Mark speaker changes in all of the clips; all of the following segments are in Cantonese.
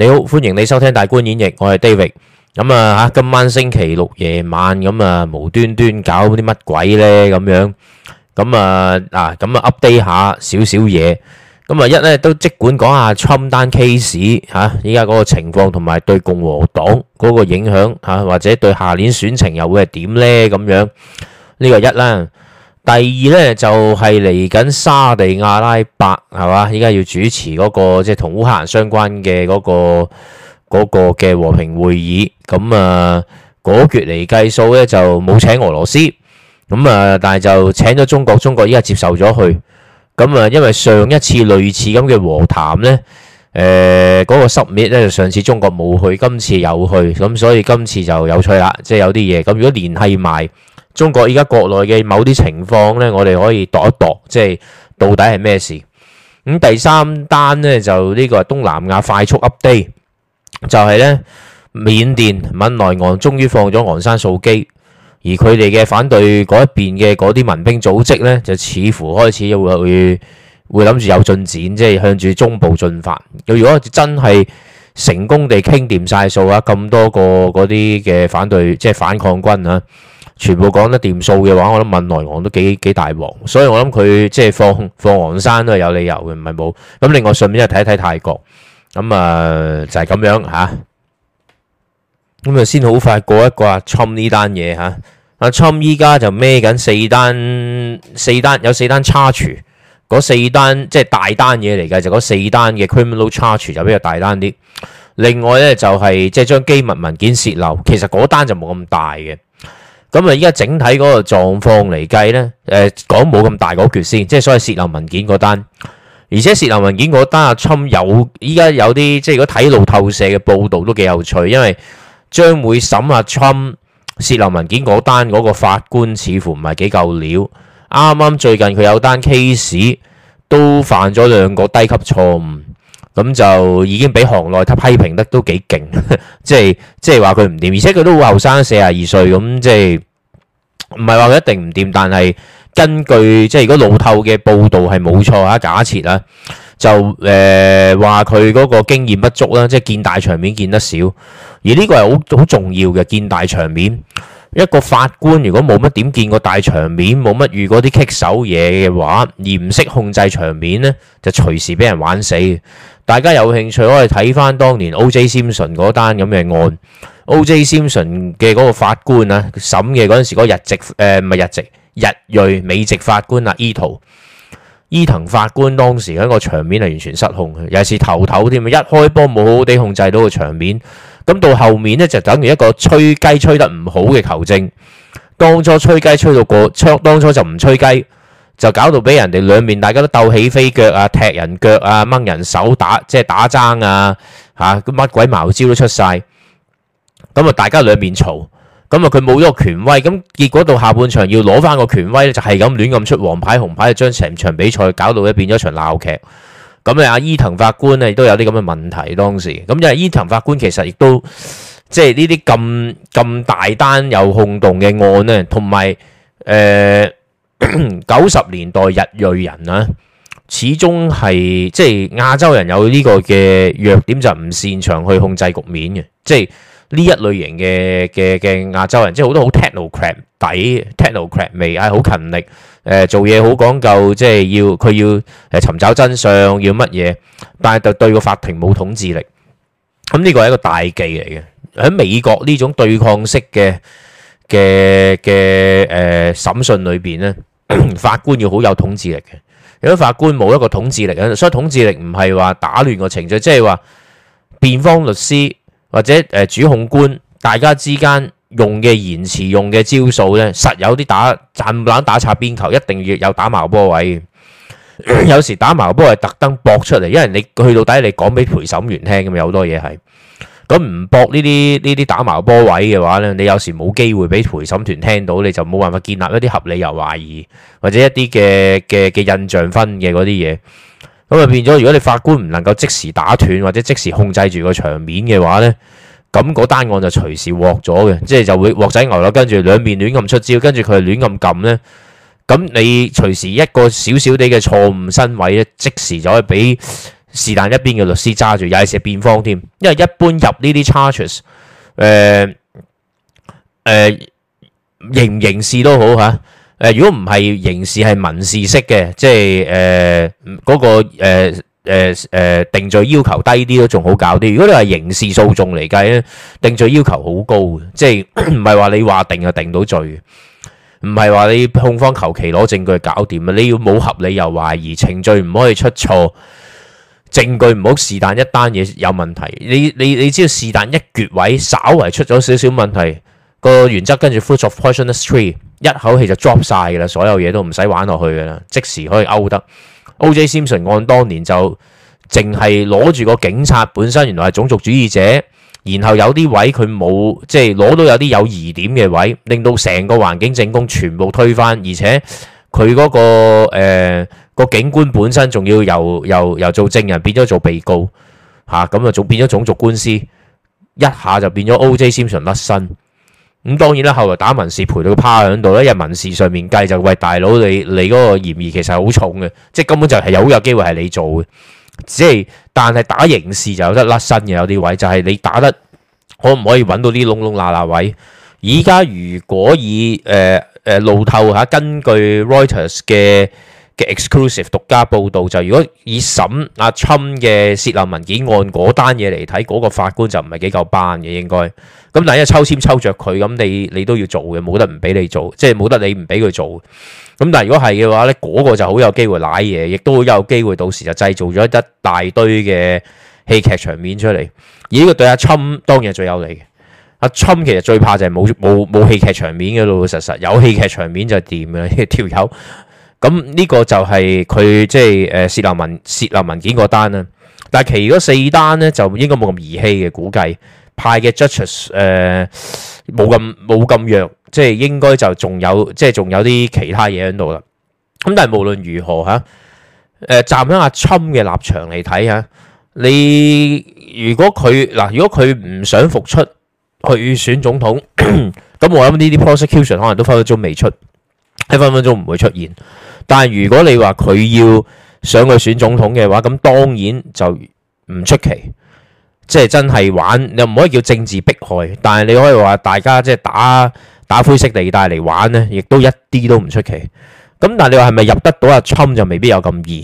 Speaker 1: 你好，歡迎你收聽大觀演繹，我係 David。咁啊，吓今晚星期六夜晚咁啊，無端端搞啲乜鬼咧咁樣。咁啊嗱，咁啊 update 下少少嘢。咁啊一咧都即管講下 Trump 單 case 吓，依家嗰個情況同埋對共和黨嗰個影響吓，或者對下年選情又會係點咧咁樣？呢個一啦。第二呢，就係嚟緊沙地阿拉伯係嘛，依家要主持嗰、嗰個即係同烏克蘭相關嘅嗰、嗰個、嗰個嘅和平會議，咁啊嗰決嚟計數呢，那個、就冇請俄羅斯，咁啊但係就請咗中國，中國依家接受咗去，咁啊因為上一次類似咁嘅和談呢，誒、那、嗰個 summit 呢，就上次中國冇去，今次有去，咁所以今次就有趣啦，即、就、係、是、有啲嘢，咁如果連繫埋。中國依家國內嘅某啲情況咧，我哋可以度一度，即係到底係咩事。咁第三單咧，就呢個係東南亞快速 update 就係咧，緬甸敏昂萊終於放咗昂山素姬，而佢哋嘅反對嗰一邊嘅嗰啲民兵組織咧，就似乎開始會會諗住有進展，即係向住中部進發。佢如果真係成功地傾掂曬數啊，咁多個嗰啲嘅反對即係反抗軍啊！全部講得掂數嘅話，我諗問來昂都幾幾大鑊，所以我諗佢即係放放昂山都係有理由嘅，唔係冇咁。另外順便就睇一睇泰國咁啊、呃，就係、是、咁樣嚇咁啊，先好快過一個阿 Trump 呢單嘢嚇。阿 Trump 依家就孭緊四單四單有四單 charge 嗰四單即係大單嘢嚟嘅，就嗰、是就是就是、四單嘅 criminal charge 就比較大單啲。另外呢，就係即係將機密文件泄漏，其實嗰單就冇咁大嘅。.咁啊，依家整體嗰個狀況嚟計呢，誒講冇咁大個決先，即係所謂洩漏文件嗰單，而且洩漏文件嗰單阿 Chum 有依家有啲，即係如果睇路透社嘅報導都幾有趣，因為將會審阿 Chum 洩漏文件嗰單嗰個法官似乎唔係幾夠料，啱啱最近佢有單 case 都犯咗兩個低級錯誤。咁就已經俾行內他批評得都幾勁，即係即係話佢唔掂，而且佢都好後生，四十二歲，咁即係唔係話佢一定唔掂，但係根據即係、就是、如果路透嘅報導係冇錯啊，假設啊，就誒話佢嗰個經驗不足啦，即、就、係、是、見大場面見得少，而呢個係好好重要嘅，見大場面。一個法官如果冇乜點見過大場面，冇乜遇過嗰啲棘手嘢嘅話，而唔識控制場面呢，就隨時俾人玩死。大家有興趣可以睇翻當年 O.J. Simpson 嗰單咁嘅案。O.J. Simpson 嘅嗰個法官啊，審嘅嗰陣時嗰日籍，誒，唔係日籍，日裔美籍法官啊，伊圖，伊藤法官當時嗰個場面係完全失控嘅，尤其是頭頭添，一開波冇好好地控制到個場面。咁到後面呢，就等於一個吹雞吹得唔好嘅球證，當初吹雞吹到過，初當初就唔吹雞，就搞到俾人哋兩面，兩大家都鬥起飛腳啊，踢人腳啊，掹人手打，即係打爭啊，吓、啊，乜鬼茅招都出晒，咁啊，大家兩面嘈，咁啊，佢冇咗個權威，咁結果到下半場要攞翻個權威，就係咁亂咁出黃牌紅牌，就將成場比賽搞到咧變咗場鬧劇。咁咧，阿伊藤法官咧亦都有啲咁嘅問題當時。咁就係伊藤法官其實亦都即係呢啲咁咁大單有控動嘅案咧，同埋誒九十年代日裔人啦，始終係即係亞洲人有呢個嘅弱點，就唔擅長去控制局面嘅，即係。呢一類型嘅嘅嘅亞洲人，即係好多好 technocrat 底，technocrat 味，係好勤力，誒做嘢好講究，即係要佢要誒尋找真相，要乜嘢？但係就對個法庭冇統治力，咁呢個係一個大忌嚟嘅。喺美國呢種對抗式嘅嘅嘅誒審訊裏邊咧，法官要好有統治力嘅。如果法官冇一個統治力，所以統治力唔係話打亂個程序，即係話辯方律師。或者誒主控官，大家之間用嘅言詞、用嘅招數咧，實有啲打掙硬打擦邊球，一定要有打矛波位。有時打矛波位特登搏出嚟，因為你去到底你講俾陪審員聽咁，有好多嘢係。咁唔搏呢啲呢啲打矛波位嘅話咧，你有時冇機會俾陪審團聽到，你就冇辦法建立一啲合理又懷疑或者一啲嘅嘅嘅印象分嘅嗰啲嘢。咁啊，變咗如果你法官唔能夠即時打斷或者即時控制住個場面嘅話呢，咁嗰單案就隨時獲咗嘅，即係就會獲仔牛啦。跟住兩面亂咁出招，跟住佢亂咁撳呢。咁你隨時一個小小啲嘅錯誤身位咧，即時就可以俾是但一邊嘅律師揸住，又係食辯方添。因為一般入呢啲 charges，誒誒，刑唔刑事都好嚇。誒，如果唔係刑事係民事式嘅，即係誒嗰個誒誒、呃呃呃、定罪要求低啲都仲好搞啲。如果你係刑事訴訟嚟計咧，定罪要求好高，即係唔係話你話定就定到罪，唔係話你控方求其攞證據搞掂啊！你要冇合理又懷疑，程序唔可以出錯，證據唔好是但一單嘢有問題。你你你知道是但一缺位，稍為出咗少少問題，個原則跟住 Fruit of the Poisonous Tree 一口氣就 drop 晒噶啦，所有嘢都唔使玩落去噶啦，即時可以勾得。O.J. Simpson 案當年就淨係攞住個警察本身，原來係種族主義者，然後有啲位佢冇，即係攞到有啲有疑點嘅位，令到成個環境證供全部推翻，而且佢嗰、那個誒個、呃、警官本身仲要由由，由做證人變咗做被告，吓咁啊，仲變咗種族官司，一下就變咗 O.J. Simpson 甩身。咁當然啦，後來打民事賠到趴喺度啦，入民事上面計就喂大佬你你嗰個嫌疑其實好重嘅，即係根本就係有好有機會係你做嘅。即係，但係打刑事就有得甩身嘅有啲位，就係、是、你打得可唔可以揾到啲窿窿罅罅位？而家 如果以誒誒、呃呃、路透嚇、啊，根據 Reuters 嘅。嘅 exclusive 獨家報導就如果以審阿侵嘅泄露文件案嗰單嘢嚟睇，嗰個法官就唔係幾夠班嘅應該。咁但係因為抽籤抽著佢，咁你你都要做嘅，冇得唔俾你做，即係冇得你唔俾佢做。咁但係如果係嘅話咧，嗰個就好有機會賴嘢，亦都好有機會到時就製造咗一大堆嘅戲劇場面出嚟。而呢個對阿侵當然係最有利嘅。阿侵其實最怕就係冇冇冇戲劇場面嘅，老老實實，有戲劇場面就掂嘅，條友。咁呢個就係佢即係誒涉立文涉立文件個單啦，但係其餘嗰四單咧就應該冇咁兒戲嘅，估計，派嘅 judges 誒冇咁冇咁弱，即係應該就仲有即係仲有啲其他嘢喺度啦。咁但係無論如何嚇，誒、啊、站喺阿侵嘅立場嚟睇嚇，你如果佢嗱、啊、如果佢唔想復出去選總統，咁 我諗呢啲 prosecution 可能都分分鐘未出，一分分鐘唔會出現。但係如果你話佢要上去選總統嘅話，咁當然就唔出奇，即係真係玩又唔可以叫政治迫害，但係你可以話大家即係打打灰色地帶嚟玩呢，亦都一啲都唔出奇。咁但係你話係咪入得到啊？侵就未必有咁易，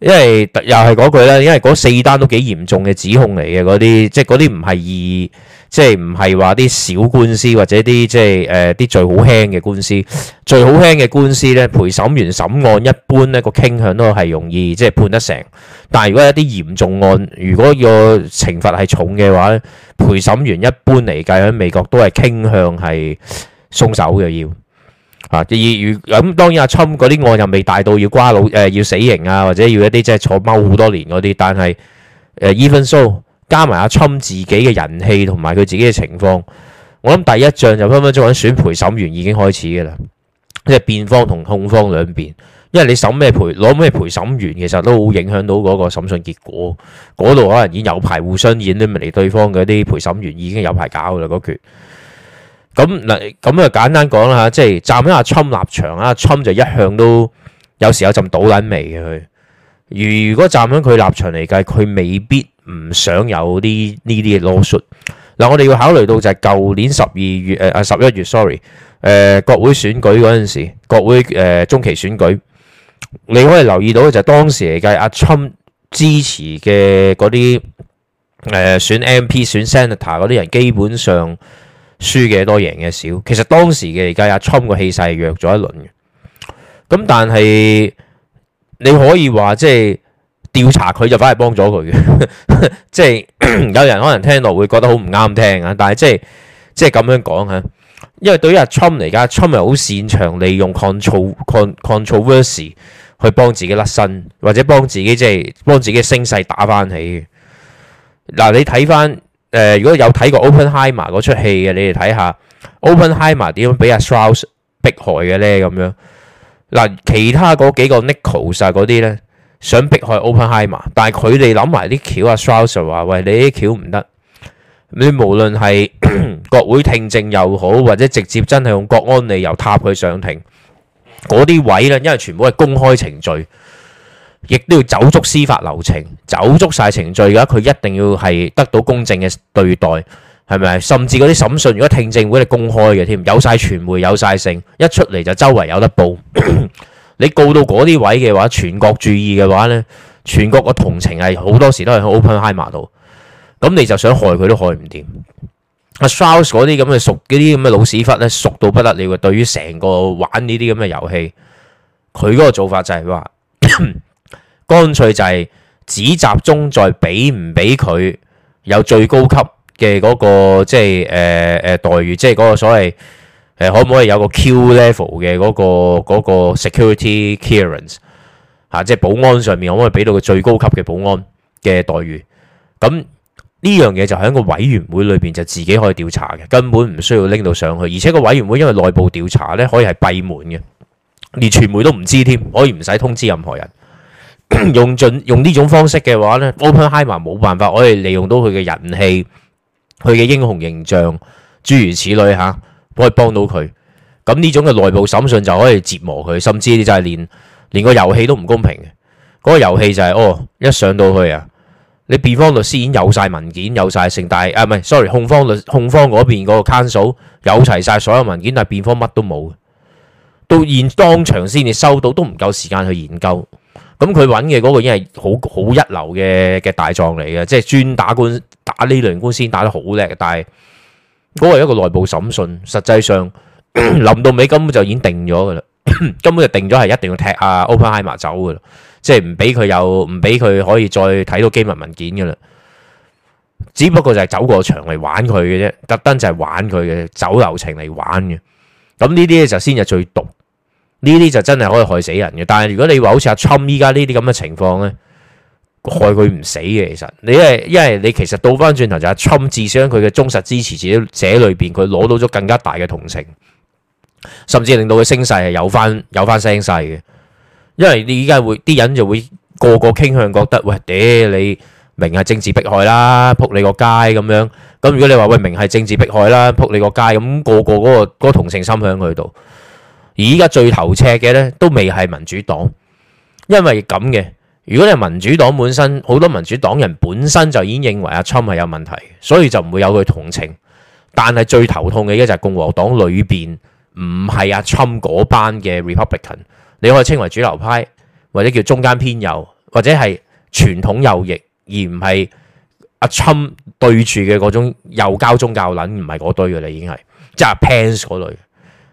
Speaker 1: 因為又係嗰句咧，因為嗰四單都幾嚴重嘅指控嚟嘅嗰啲，即係嗰啲唔係易。即係唔係話啲小官司或者啲即係誒啲最好輕嘅官司，最好輕嘅官司咧，陪審員審案一般咧，個傾向都係容易即係判得成。但係如果一啲嚴重案，如果個懲罰係重嘅話，陪審員一般嚟計喺美國都係傾向係鬆手嘅要。啊，而咁當然阿侵嗰啲案又未大到要瓜老誒要死刑啊，或者要一啲即係坐踎好多年嗰啲，但係誒 Even so。加埋阿侵自己嘅人氣同埋佢自己嘅情況，我諗第一仗就分分鐘揾選陪審員已經開始嘅啦，即係辯方同控方兩邊，因為你審咩陪攞咩陪審員，其實都好影響到嗰個審訊結果。嗰度可能已經有排互相演都唔嚟對方嘅啲陪審員已經有排搞噶啦嗰橛。咁嗱，咁啊簡單講啦，即係站喺阿侵立場啦，阿侵就一向都有時有陣倒捻味嘅佢。如果站喺佢立場嚟計，佢未必。唔想有啲呢啲嘅 lawsuit，嗱，我哋要考慮到就係舊年十二月，誒啊十一月，sorry，誒、呃、國會選舉嗰陣時，國會誒、呃、中期選舉，你可以留意到嘅就係當時嚟計阿 Trump 支持嘅嗰啲誒選 MP 選 Senator 嗰啲人，基本上輸嘅多贏嘅少，少，少，少。其實當時嘅而家阿 Trump 個氣勢係弱咗一輪嘅，咁但係你可以話即係。調查佢就反而幫咗佢嘅，即係 有人可能聽落會覺得好唔啱聽啊！但係即係即係咁樣講嚇，因為對於阿 Trump 嚟講，Trump 係好擅長利用 control、con、controversy 去幫自己甩身，或者幫自己即係、就是、幫自己聲勢打翻起嘅。嗱、呃，你睇翻誒，如果有睇過《Oppenheimer》嗰出戲嘅，你哋睇下《Oppenheimer》點樣俾阿 Strauss 迫害嘅咧咁樣。嗱、呃，其他嗰幾個 Nichols 嗰、啊、啲咧。想迫害 Oppenheimer，但係佢哋諗埋啲橋啊，Strauss 話：喂，你啲橋唔得，你無論係國會聽證又好，或者直接真係用國安理由踏佢上庭，嗰啲位咧，因為全部係公開程序，亦都要走足司法流程，走足曬程序嘅話，佢一定要係得到公正嘅對待，係咪？甚至嗰啲審訊，如果聽證會係公開嘅添，有曬傳媒，有曬聲，一出嚟就周圍有得報。你告到嗰啲位嘅話，全國注意嘅話呢，全國個同情係好多時都係喺 Open High 度，咁你就想害佢都害唔掂。阿 Charles 嗰啲咁嘅熟嗰啲咁嘅老屎忽呢，熟到不得了。對於成個玩呢啲咁嘅遊戲，佢嗰個做法就係、是、話， 乾脆就係只集中在俾唔俾佢有最高級嘅嗰、嗰個即係誒誒待遇，即係嗰個所謂。誒可唔可以有個 Q level 嘅嗰個嗰個 security clearance 嚇，即係保安上面可唔可以俾到個最高級嘅保安嘅待遇？咁呢樣嘢就喺個委員會裏邊就自己可以調查嘅，根本唔需要拎到上去。而且個委員會因為內部調查咧，可以係閉門嘅，連傳媒都唔知添，可以唔使通知任何人。用盡用呢種方式嘅話咧，Oppenheimer 冇辦法可以利用到佢嘅人氣、佢嘅英雄形象，諸如此類嚇。可以幫到佢，咁呢種嘅內部審訊就可以折磨佢，甚至你就係連連個遊戲都唔公平嘅。嗰個遊戲就係哦，一上到去啊，你辯方律師已經有晒文件，有晒成大啊，唔係，sorry，控方律控方嗰邊嗰個 counsel 有齊晒所有文件，但係辯方乜都冇。到現當場先至收到，都唔夠時間去研究。咁佢揾嘅嗰個已經係好好一流嘅嘅大狀嚟嘅，即係專打官打呢輪官司打得好叻，但係。嗰個係一個內部審訊，實際上臨 到尾根本就已經定咗噶啦，根本就定咗係一定要踢阿 Oppenheimer 走噶啦，即係唔俾佢有唔俾佢可以再睇到機密文件噶啦。只不過就係走過場嚟玩佢嘅啫，特登就係玩佢嘅走流程嚟玩嘅。咁呢啲咧就先係最毒，呢啲就真係可以害死人嘅。但係如果你話好似阿 Trump 依家呢啲咁嘅情況咧。害佢唔死嘅，其實你係因為你其實倒翻轉頭就係，侵甚至傷佢嘅忠實支持者，這裏邊佢攞到咗更加大嘅同情，甚至令到佢聲勢係有翻有翻聲勢嘅。因為你依家會啲人就會個個傾向覺得喂，屌你明係政治迫害啦，撲你個街咁樣。咁如果你話喂，明係政治迫害啦，撲你個街，咁個個嗰個嗰同情心響佢度。而依家最頭赤嘅咧，都未係民主黨，因為咁嘅。如果你係民主黨本身，好多民主黨人本身就已經認為阿侵係有問題，所以就唔會有佢同情。但係最頭痛嘅一就係共和黨裏邊唔係阿侵嗰班嘅 Republican，你可以稱為主流派或者叫中間偏右或者係傳統右翼，而唔係阿侵對住嘅嗰種右膠宗教撚，唔係嗰堆嘅啦，你已經係即係 Pence 嗰類，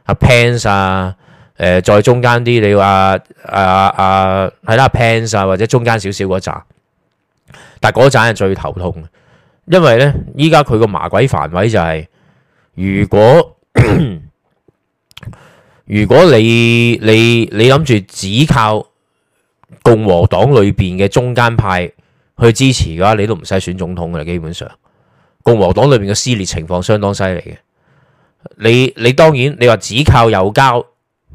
Speaker 1: 阿 Pence 啊。誒，再中間啲，你話啊啊，係啦 Pence 啊，啊啊 Pence，或者中間少少嗰扎，但係嗰扎係最頭痛嘅，因為呢，依家佢個麻鬼範圍就係、是，如果咳咳如果你你你諗住只靠共和黨裏邊嘅中間派去支持嘅話，你都唔使選總統嘅啦。基本上共和黨裏邊嘅撕裂情況相當犀利嘅。你你當然你話只靠右交，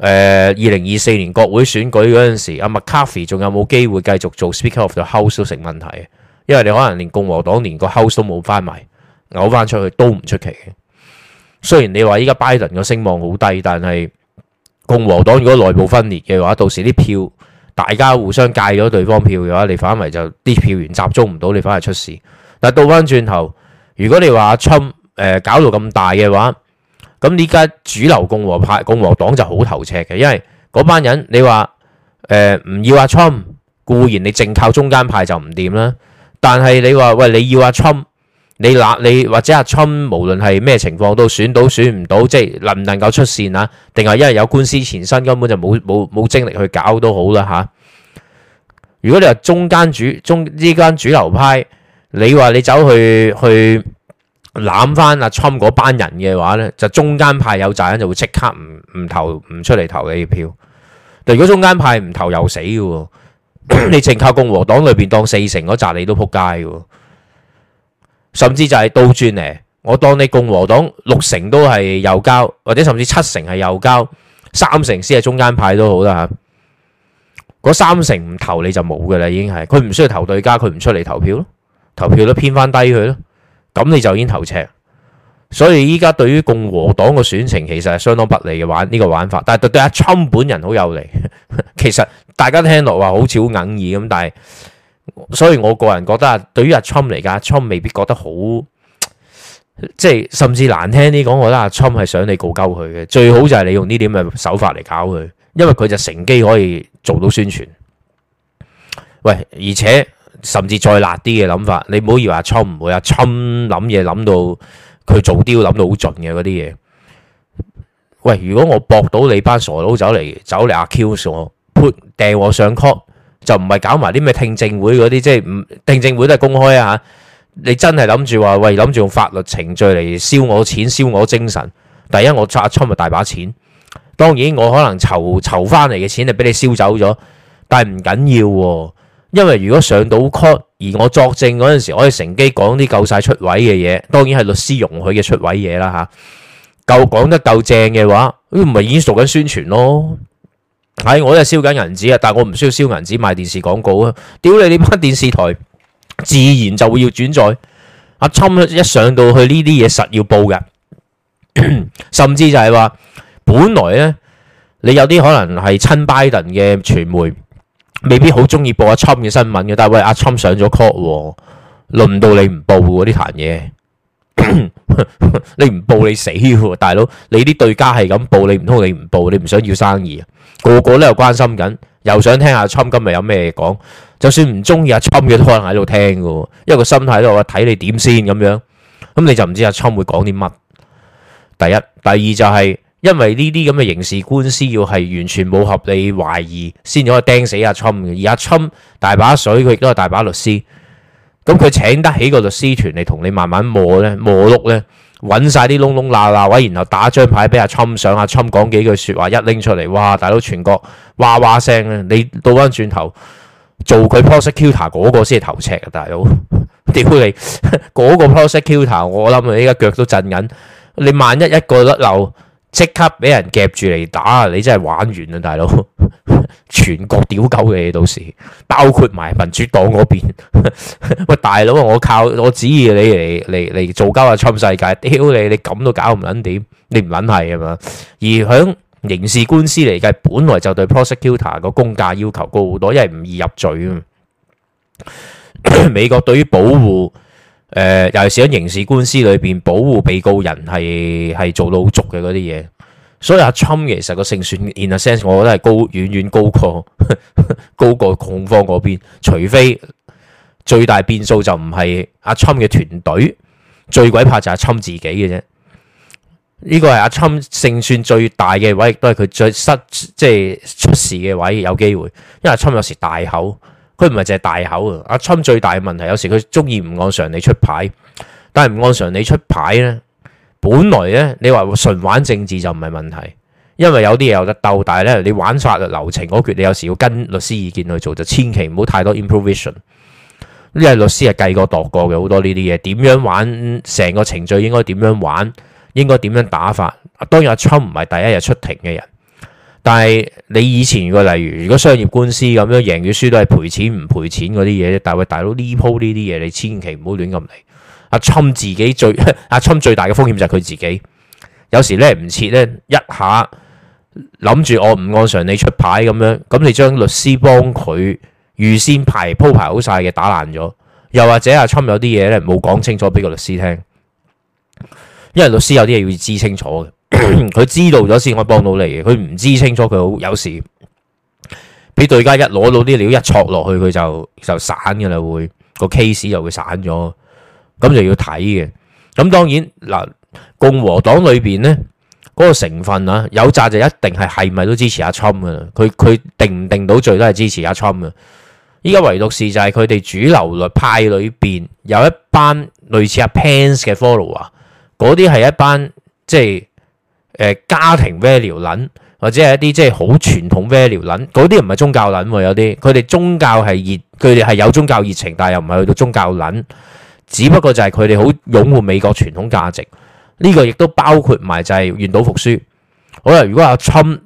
Speaker 1: 誒，二零二四年國會選舉嗰陣時，阿 McCarthy 仲有冇機會繼續做 Speaker of the House 都成問題，因為你可能連共和黨連個 house 都冇翻埋，攪翻出去都唔出奇嘅。雖然你話依家拜登嘅聲望好低，但係共和黨如果內部分裂嘅話，到時啲票大家互相戒咗對方票嘅話，你反為就啲票源集中唔到，你反而出事。但係倒翻轉頭，如果你話阿 Trump 搞到咁大嘅話，咁依家主流共和派、共和黨就好頭赤嘅，因為嗰班人你話誒唔要阿川，固然你淨靠中間派就唔掂啦。但係你話喂，你要阿川，你嗱你，你或者阿川無論係咩情況都選到選唔到，即係能唔能夠出線啊？定係因為有官司纏身，根本就冇冇冇精力去搞都好啦嚇、啊。如果你話中間主中呢間主流派，你話你走去去。攬翻阿侵嗰班人嘅話呢，就中間派有責任就會即刻唔唔投唔出嚟投你票。但如果中間派唔投又死嘅， 你淨靠共和黨裏邊當四成嗰扎你都撲街嘅，甚至就係倒轉嚟。我當你共和黨六成都係右交，或者甚至七成係右交，三成先係中間派都好啦吓。嗰、啊、三成唔投你就冇噶啦，已經係佢唔需要投對家，佢唔出嚟投票咯，投票都偏翻低佢咯。咁你就已經頭赤，所以依家對於共和黨嘅選情其實係相當不利嘅，玩呢個玩法，但係對阿川本人好有利。其實大家聽落話好似好哽耳咁，但係，所以我個人覺得啊，對於阿川嚟講，阿川未必覺得好，即係甚至難聽啲講，我覺得阿川係想你告鳩佢嘅。最好就係你用呢啲嘅手法嚟搞佢，因為佢就乘機可以做到宣傳。喂，而且。甚至再辣啲嘅諗法，你唔好以為阿侵唔會啊，侵諗嘢諗到佢做啲要諗到好盡嘅嗰啲嘢。喂，如果我博到你班傻佬走嚟走嚟阿 Q i 我，潑掟我，我上 court 就唔係搞埋啲咩聽證會嗰啲，即係聽證會都係公開啊。你真係諗住話喂，諗住用法律程序嚟燒我錢、燒我精神，第一我拆侵咪大把錢，當然我可能籌籌翻嚟嘅錢就俾你燒走咗，但係唔緊要，緊要緊。因為如果上到 court，而我作證嗰陣時，我可以乘機講啲夠晒出位嘅嘢，當然係律師容許嘅出位嘢啦嚇。夠講得夠正嘅話，唔係已經做緊宣傳咯。係、哎、我都係燒緊銀紙啊，但係我唔需要燒銀紙賣電視廣告啊。屌你呢班電視台，自然就會要轉載。阿、啊、侵一上到去呢啲嘢，實要報嘅， 甚至就係話，本來呢，你有啲可能係親拜登嘅傳媒。未必好中意報阿侵嘅新聞嘅，但係喂阿侵上咗 call，輪到你唔報呢壇嘢，你唔報你死喎，大佬！你啲對家係咁報,報，你唔通你唔報？你唔想要生意啊？個個都又關心緊，又想聽阿侵今日有咩講。就算唔中意阿侵嘅，都可能喺度聽嘅，因為個心態喺度睇你點先咁樣。咁你就唔知阿侵會講啲乜。第一、第二就係、是。因為呢啲咁嘅刑事官司，要係完全冇合理懷疑先至可以釘死阿欽嘅。而阿欽大把水，佢亦都係大把律師。咁佢請得起個律師團嚟同你慢慢磨咧，磨碌咧，揾晒啲窿窿罅罅位，然後打張牌俾阿欽上。阿欽講幾句說話一拎出嚟，哇！大佬全國嘩嘩聲啊！你倒翻轉頭做佢 prosecutor 嗰個先係頭赤啊！大佬屌你，嗰個 prosecutor 我諗佢依家腳都震緊。你萬一一個甩漏？即刻俾人夾住嚟打，你真係玩完啦，大佬！ 全國屌狗嘅，到時包括埋民主黨嗰邊。喂， 大佬啊，我靠，我指意你嚟嚟嚟做交啊，侵世界！屌你，你咁都搞唔捻掂？你唔捻係啊嘛？而喺刑事官司嚟計，本來就對 prosecutor 個公價要求高好多，因為唔易入罪啊。 美國對於保護。誒、呃，尤其是喺刑事官司裏邊，保護被告人係係做到好足嘅嗰啲嘢，所以阿侵其實個勝算 in a sense，我覺得係高遠遠高過 高過控方嗰邊。除非最大變數就唔係阿侵嘅團隊，最鬼怕就係侵自己嘅啫。呢、這個係阿侵勝算最大嘅位，亦都係佢最失即係出事嘅位，有機會，因為阿侵有時大口。佢唔係淨係大口啊！阿春最大嘅問題，有時佢中意唔按常理出牌，但係唔按常理出牌呢，本來呢，你話純玩政治就唔係問題，因為有啲嘢有得鬥，但係咧你玩法律流程嗰橛，你有時要跟律師意見去做，就千祈唔好太多 improvision，呢啲律師係計過度過嘅，好多呢啲嘢點樣玩，成個程序應該點樣玩，應該點樣打法。當然阿春唔係第一日出庭嘅人。但係你以前個例如，如果商業官司咁樣贏嘅輸都係賠錢唔賠錢嗰啲嘢，但係喂大佬呢鋪呢啲嘢，你千祈唔好亂咁嚟。阿侵自己最阿侵 最大嘅風險就係佢自己。有時咧唔切咧，一下諗住我唔按常理出牌咁樣，咁你將律師幫佢預先排鋪排好晒嘅打爛咗，又或者阿侵有啲嘢咧冇講清楚俾個律師聽，因為律師有啲嘢要知清楚嘅。佢 知道咗先，可以幫到你嘅。佢唔知清楚，佢好有時俾對家一攞到啲料一戳落去，佢就就散噶啦，會個 case 又會散咗。咁就要睇嘅。咁當然嗱，共和黨裏邊呢嗰、嗰個成分啦、啊，有責就一定係係咪都支持阿 Trump 嘅。佢佢定唔定到罪都係支持阿 Trump 嘅。依家唯獨是就係佢哋主流派裏邊有一班類似阿 Pence 嘅 follower，嗰啲係一班即係。誒家庭 values 撚，或者係一啲即係好傳統 values 撚，嗰啲唔係宗教撚喎，有啲佢哋宗教係熱，佢哋係有宗教熱情，但係又唔係去到宗教撚，只不過就係佢哋好擁護美國傳統價值。呢個亦都包括埋就係願賭服輸。好啦，如果阿侵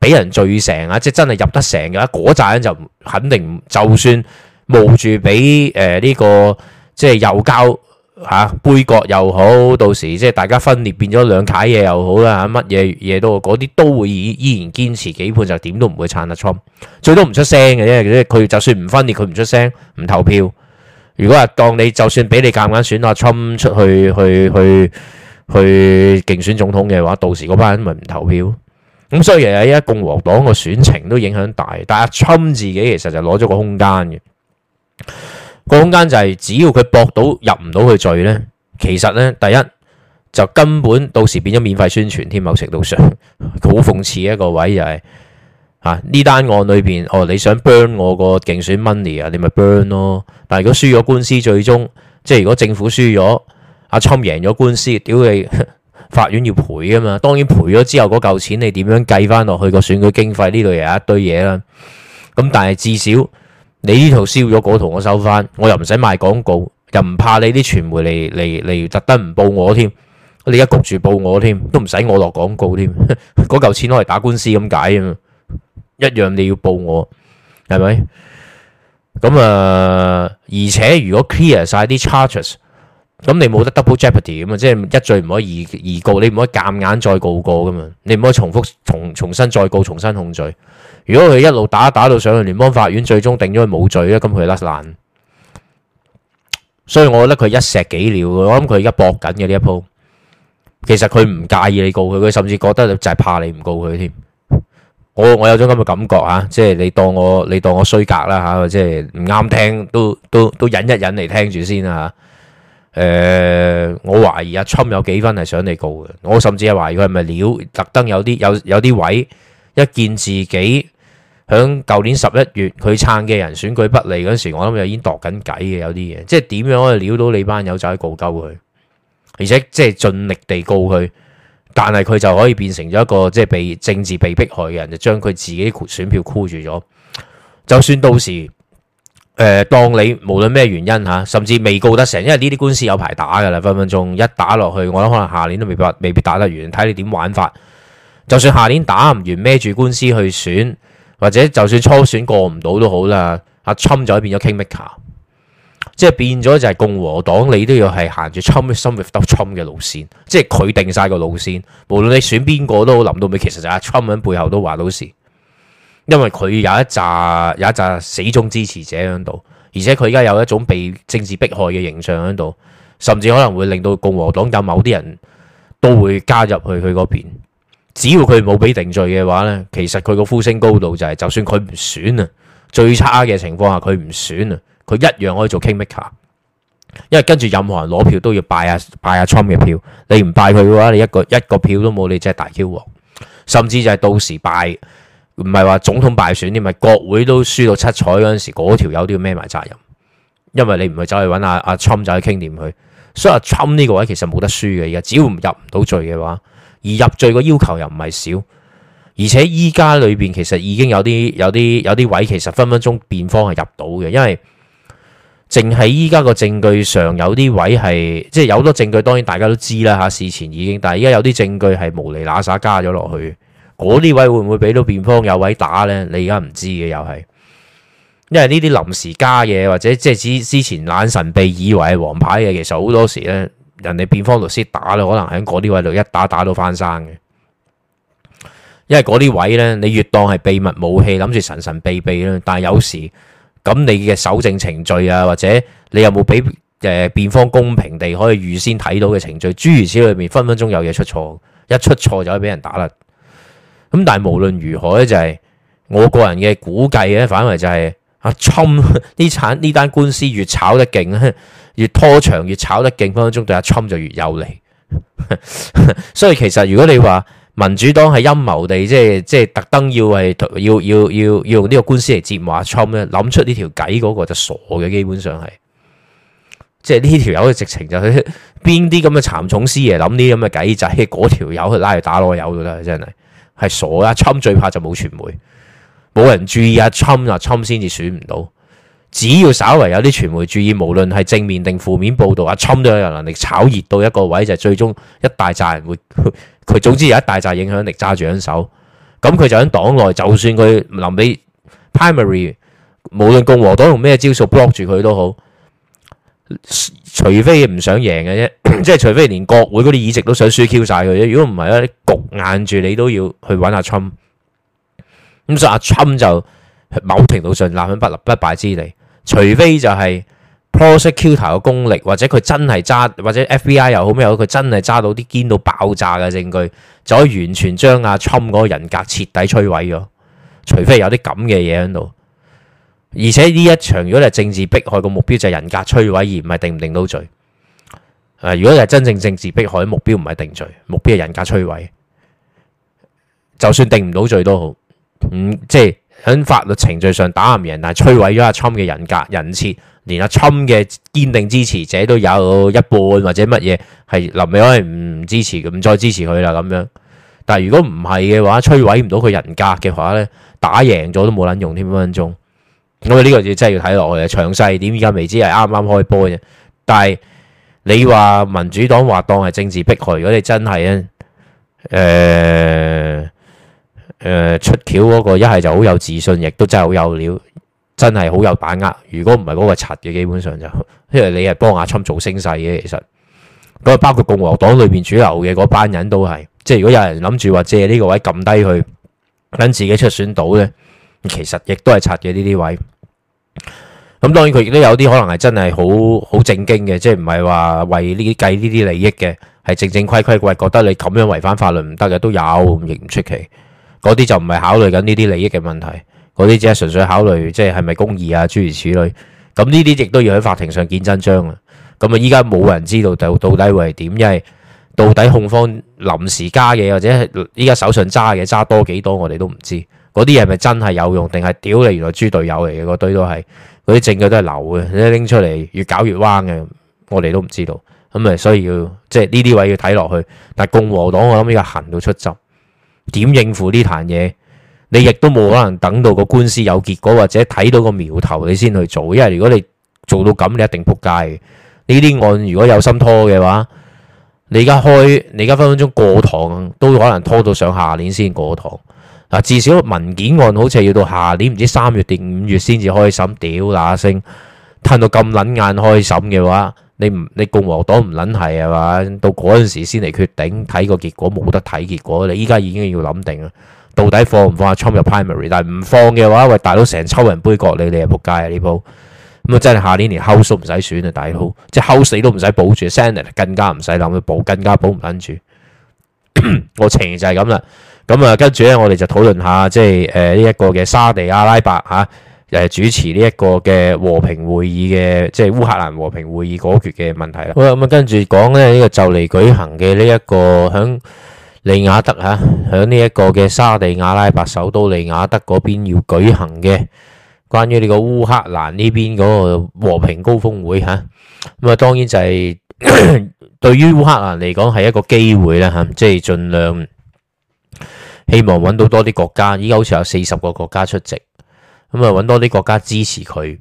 Speaker 1: 俾人罪成啊，即係真係入得成嘅話，嗰扎人就肯定就算冒住俾誒呢個即係右膠。吓，杯葛又好，到時即係大家分裂變咗兩派嘢又好啦吓，乜嘢嘢都嗰啲都會依依然堅持幾判就點都唔會撐阿川，最多唔出聲嘅，因為佢就算唔分裂，佢唔出聲唔投票。如果話當你就算俾你夾硬選阿川出去去去去競選總統嘅話，到時嗰班人咪唔投票。咁所以其實而家共和黨個選情都影響大，但係川自己其實就攞咗個空間嘅。個空間就係只要佢駁到入唔到去罪呢。其實呢，第一就根本到時變咗免費宣傳添，某程度上好諷 刺一個位就係、是、啊呢單案裏邊哦，你想 burn 我個競選 money 啊，你咪 burn 咯。但係如果輸咗官司最終，即係如果政府輸咗，阿侵贏咗官司，屌你 法院要賠啊嘛，當然賠咗之後嗰嚿錢你點樣計翻落去，那個選舉經費呢度又有一堆嘢啦。咁但係至少。你呢套燒咗嗰圖，我收翻，我又唔使賣廣告，又唔怕你啲傳媒嚟嚟嚟特登唔報我添，你而家焗住報我添，都唔使我落廣告添，嗰嚿錢攞嚟打官司咁解啊嘛，一樣你要報我，係咪？咁啊，而且如果 clear 曬啲 charges。咁你冇得 double jeopardy 咁啊，即係一罪唔可以二二告，你唔可以夾硬再告過噶嘛，你唔可以重複重重新再告，重新控罪。如果佢一路打打到上去聯邦法院，最終定咗佢冇罪咧，咁佢甩爛。所以我覺得佢一石幾鳥，我諗佢而家搏緊嘅呢一鋪。其實佢唔介意你告佢，佢甚至覺得就係怕你唔告佢添。我我有種咁嘅感覺吓，即係你當我你當我衰格啦吓，即係唔啱聽都都都忍一忍嚟聽住先啊。誒、呃，我懷疑阿春有幾分係想你告嘅，我甚至係懷疑佢係咪料特登有啲有有啲位，一見自己響舊年十一月佢撐嘅人選舉不利嗰時，我諗佢已經度緊計嘅有啲嘢，即係點樣可以料到你班友仔告鳩佢，而且即係盡力地告佢，但係佢就可以變成咗一個即係被政治被迫害嘅人，就將佢自己啲選票箍住咗，就算到時。誒，當你無論咩原因嚇，甚至未告得成，因為呢啲官司有排打㗎啦，分分鐘一打落去，我諗可能下年都未必未必打得完，睇你點玩法。就算下年打唔完，孭住官司去選，或者就算初選過唔到都好啦。阿 Trump 就變咗 k i n g m a k e r 即係變咗就係共和黨，你都要係行住 Trump，some with Trump 嘅路線，即係佢定晒個路線，無論你選邊個都諗到尾，其實就係 Trump 喺背後都話到事。因為佢有一紮有一紮死忠支持者喺度，而且佢而家有一種被政治迫害嘅形象喺度，甚至可能會令到共和黨有某啲人都會加入去佢嗰邊。只要佢冇俾定罪嘅話呢，其實佢個呼聲高度就係、是，就算佢唔選啊，最差嘅情況下佢唔選啊，佢一樣可以做 kingmaker。因為跟住任何人攞票都要拜阿、啊、拜阿 Trump 嘅票，你唔拜佢嘅話，你一個一個票都冇，你即係大 Q 王，甚至就係到時拜。唔係話總統敗選啲，咪國會都輸到七彩嗰陣時，嗰條友都要孭埋責任，因為你唔係走去揾阿阿侵走去傾掂佢，所以阿侵呢個位其實冇得輸嘅。而家只要唔入唔到罪嘅話，而入罪個要求又唔係少，而且依家裏邊其實已經有啲有啲有啲位其實分分鐘辯方係入到嘅，因為淨係依家個證據上有啲位係即係有好多證據，當然大家都知啦嚇，事前已經，但係依家有啲證據係無厘那撒加咗落去。嗰啲位會唔會俾到辯方有位打呢？你而家唔知嘅又係，因為呢啲臨時加嘢或者即係之之前懶神祕以為係王牌嘅，其實好多時呢，人哋辯方律師打咧，可能喺嗰啲位度一打打到翻生嘅。因為嗰啲位呢，你越當係秘密武器，諗住神神秘秘咧，但係有時咁你嘅搜證程序啊，或者你有冇俾誒辯方公平地可以預先睇到嘅程序，諸如此類，面分分鐘有嘢出錯，一出錯就俾人打啦。咁但係無論如何咧，就係、是、我個人嘅估計咧，反為就係阿沖呢產呢單官司越炒得勁，越拖長越炒得勁，分分鐘對阿沖就越有利。 所以其實如果你話民主黨係陰謀地，即係即係特登要係要要要用呢個官司嚟折磨阿沖咧，諗出呢條計嗰個就傻嘅，基本上係即係呢條友嘅直情就邊啲咁嘅殘重師爺諗啲咁嘅計仔，嗰條友去拉去打籮柚啦，真係。係傻啊，侵最怕就冇傳媒，冇人注意啊。侵啊，侵先至選唔到。只要稍為有啲傳媒注意，無論係正面定負面報道，阿侵都有能力炒熱到一個位，就係最終一大扎人會佢，佢總之有一大紮影響力揸住喺手，咁佢就喺黨內。就算佢臨尾 primary，無論共和黨用咩招數 block 住佢都好。除非佢唔想贏嘅啫，即係 除非連國會嗰啲議席都想輸 Q 晒佢啫。如果唔係咧，焗硬住你都要去揾阿春。咁所以阿春就某程度上立喺不立不敗之地。除非就係 prosecutor 嘅功力，或者佢真係揸，或者 FBI 又好咩又好，佢真係揸到啲堅到爆炸嘅證據，就可以完全將阿春嗰個人格徹底摧毀咗。除非有啲咁嘅嘢喺度。而且呢一場，如果係政治迫害，個目標就係人格摧毀，而唔係定唔定到罪。誒，如果你係真正政治迫害，目標唔係定罪，目標係人格摧毀。就算定唔到罪都好，嗯，唔即係響法律程序上打唔贏，但係摧毀咗阿侵嘅人格，人設，連阿侵嘅堅定支持者都有一半或者乜嘢係臨尾唔支持，唔再支持佢啦咁樣。但係如果唔係嘅話，摧毀唔到佢人格嘅話咧，打贏咗都冇撚用添，分分鐘。我哋呢個亦真係要睇落去啊，詳細點依家未知，係啱啱開波啫。但係你話民主黨話當係政治迫害，如果你真係咧，誒、呃、誒、呃、出橋嗰、那個一係就好有自信，亦都真係好有料，真係好有把握。如果唔係嗰個賊嘅，基本上就因為你係幫阿侵做聲勢嘅，其實咁包括共和黨裏面主流嘅嗰班人都係，即係如果有人諗住話借呢個位撳低佢，等自己出選到咧。其實亦都係拆嘅呢啲位，咁當然佢亦都有啲可能係真係好好正經嘅，即係唔係話為呢啲計呢啲利益嘅，係正正規規，覺得你咁樣違反法律唔得嘅都有，亦唔出奇。嗰啲就唔係考慮緊呢啲利益嘅問題，嗰啲只係純粹考慮即係係咪公義啊，諸如此類。咁呢啲亦都要喺法庭上見真章啊。咁啊，依家冇人知道到到底會係點，因為到底控方臨時加嘅或者係依家手上揸嘅揸多幾多我，我哋都唔知。嗰啲嘢係咪真係有用，定係屌你原來豬隊友嚟嘅？嗰堆都係，嗰啲證據都係流嘅，你拎出嚟越搞越彎嘅。我哋都唔知道，咁咪所以要即係呢啲位要睇落去。但共和黨我諗要行到出汁，點應付呢壇嘢？你亦都冇可能等到個官司有結果，或者睇到個苗頭你先去做。因為如果你做到咁，你一定仆街。呢啲案如果有心拖嘅話，你而家開，你而家分分鐘過堂，都可能拖到上下年先過堂。嗱，至少文件案好似要到下年唔知三月定五月先至開審，屌乸星，攤到咁卵眼開審嘅話，你你共和黨唔卵係係嘛？到嗰陣時先嚟決定，睇個結果冇得睇結果，你依家已經要諗定啦。到底放唔放阿啊？Trump 入 primary，但係唔放嘅話，喂大佬成抽人杯葛，你你又仆街啊呢鋪。咁啊真係下年連 house 唔使選啊，大佬，即係 house 死都唔使保住，senate 更加唔使諗，保更加保唔卵住。 我情就係咁啦。咁啊，跟住咧，我哋就討論下即係誒呢一個嘅沙地阿拉伯吓，誒主持呢一個嘅和平會議嘅，即係烏克蘭和平會議嗰啲嘅問題啦。好啦，咁啊，跟住講咧呢個就嚟舉行嘅呢一個響利雅得吓，響呢一個嘅沙地阿拉伯首都利雅得嗰邊要舉行嘅關於呢個烏克蘭呢邊嗰個和平高峰會吓。咁啊，當然就係對於烏克蘭嚟講係一個機會啦吓，即係盡量。希望揾到多啲國家，依家好似有四十個國家出席，咁啊，揾多啲國家支持佢，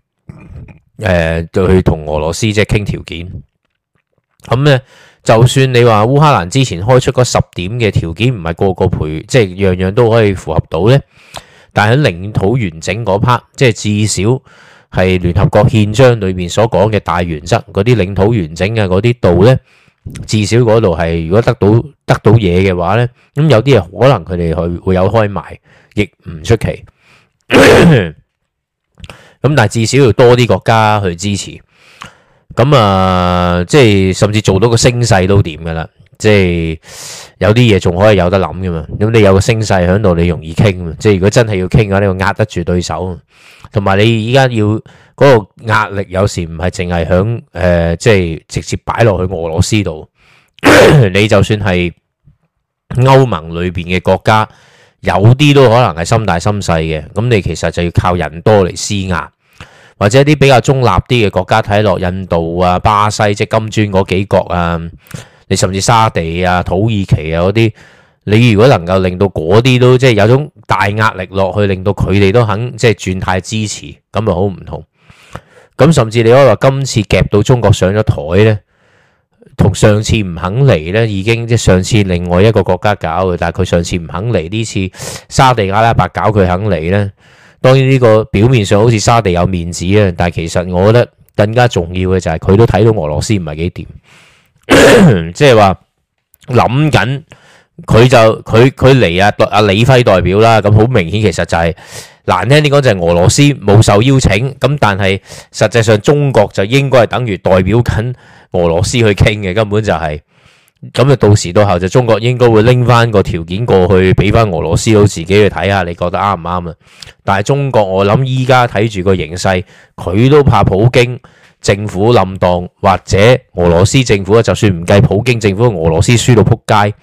Speaker 1: 誒就去同俄羅斯即係傾條件。咁、嗯、咧，就算你話烏克蘭之前開出個十點嘅條件，唔係個個陪，即係樣樣都可以符合到呢。但喺領土完整嗰 part，即係至少係聯合國憲章裏面所講嘅大原則嗰啲領土完整嘅嗰啲道呢。至少嗰度係，如果得到得到嘢嘅話呢，咁有啲嘢可能佢哋去會有開賣，亦唔出奇。咁 但係至少要多啲國家去支持，咁啊，即係甚至做到個聲勢都點噶啦。即係有啲嘢仲可以有得諗噶嘛，咁你有個聲勢喺度，你容易傾嘛。即係如果真係要傾嘅話，你要壓得住對手，同埋你依家要嗰個壓力有時唔係淨係響誒，即係直接擺落去俄羅斯度。你就算係歐盟裏邊嘅國家，有啲都可能係心大心細嘅，咁你其實就要靠人多嚟施壓，或者一啲比較中立啲嘅國家睇落印度啊、巴西即金磚嗰幾國啊。你甚至沙地啊、土耳其啊嗰啲，你如果能夠令到嗰啲都即係有種大壓力落去，令到佢哋都肯即係轉態支持，咁啊好唔同。咁甚至你可以話今次夾到中國上咗台呢，同上次唔肯嚟呢已經即係上次另外一個國家搞嘅，但係佢上次唔肯嚟，呢次沙地阿拉伯搞佢肯嚟呢。當然呢個表面上好似沙地有面子啊，但係其實我覺得更加重要嘅就係佢都睇到俄羅斯唔係幾掂。即係話諗緊佢就佢，佢嚟啊，阿李輝代表啦，咁好明顯其實就係難聽啲講就係俄羅斯冇受邀請，咁但係實際上中國就應該係等於代表緊俄羅斯去傾嘅，根本就係咁，就到時到候就中國應該會拎翻個條件過去俾翻俄羅斯佬自己去睇下，你覺得啱唔啱啊？但係中國我諗依家睇住個形勢，佢都怕普京。政府冧檔，或者俄羅斯政府就算唔計普京政府，俄羅斯輸到撲街，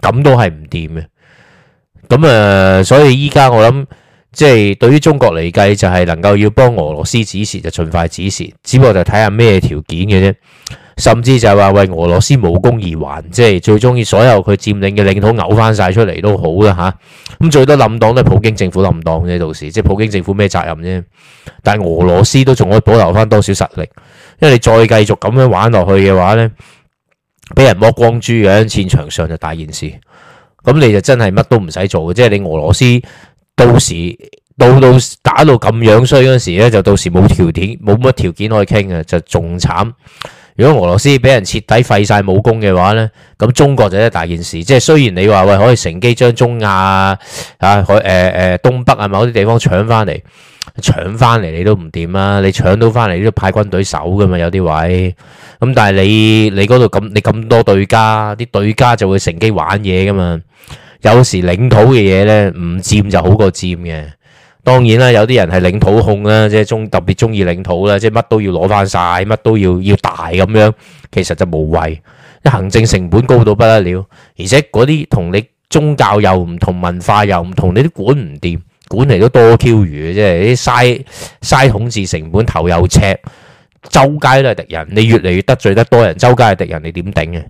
Speaker 1: 咁都係唔掂嘅。咁、嗯、誒，所以依家我諗。即係對於中國嚟計，就係能夠要幫俄羅斯指示就盡快指示，只不過就睇下咩條件嘅啫。甚至就係話為俄羅斯無功而還，即係最中意所有佢佔領嘅領土嘔翻晒出嚟都好啦吓。咁、啊、最多冧檔都係普京政府冧檔啫，到時即係普京政府咩責任啫？但係俄羅斯都仲可以保留翻多少實力，因為你再繼續咁樣玩落去嘅話呢，俾人剝光豬樣，戰場上就大件事。咁你就真係乜都唔使做嘅，即係你俄羅斯。到時到到打到咁樣衰嗰時咧，就到時冇條件冇乜條件可以傾啊，就仲慘。如果俄羅斯俾人徹底廢晒武功嘅話咧，咁中國就一大件事。即係雖然你話喂，可以乘機將中亞啊、海誒誒東北啊某啲地方搶翻嚟，搶翻嚟你都唔掂啊！你搶到翻嚟都派軍隊守噶嘛，有啲位。咁但係你你嗰度咁你咁多對家，啲對家就會乘機玩嘢噶嘛。有時領土嘅嘢呢，唔佔就好過佔嘅，當然啦，有啲人係領土控啦，即係中特別中意領土啦，即係乜都要攞翻晒，乜都要要大咁樣，其實就無謂，行政成本高到不得了，而且嗰啲同你宗教又唔同，文化又唔同，你都管唔掂，管嚟都多舊魚，即係啲嘥嘥統治成本頭又赤，周街都係敵人，你越嚟越得罪得多人，周街係敵人，你點頂啊？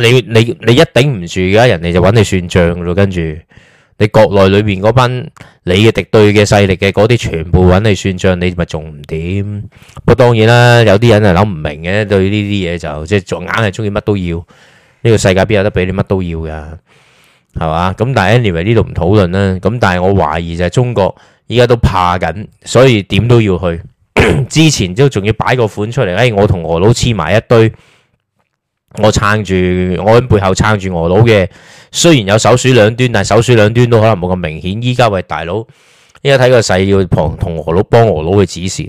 Speaker 1: 你你你一頂唔住而家人哋就搵你算賬咯，跟住你國內裏面嗰班你嘅敵對嘅勢力嘅嗰啲全部搵你算賬，你咪仲唔點？不過當然啦，有啲人係諗唔明嘅，對呢啲嘢就即係仲硬係中意乜都要。呢個世界邊有得俾你乜都要噶？係嘛？咁但係 anyway，呢度唔討論啦。咁但係我懷疑就係中國依家都怕緊，所以點都要去。 之前都仲要擺個款出嚟，誒、欸，我同俄佬黐埋一堆。我撐住，我喺背後撐住俄佬嘅。雖然有首鼠兩端，但係首鼠兩端都可能冇咁明顯。依家喂，大佬，依家睇個勢要龐同俄佬幫俄佬去指示。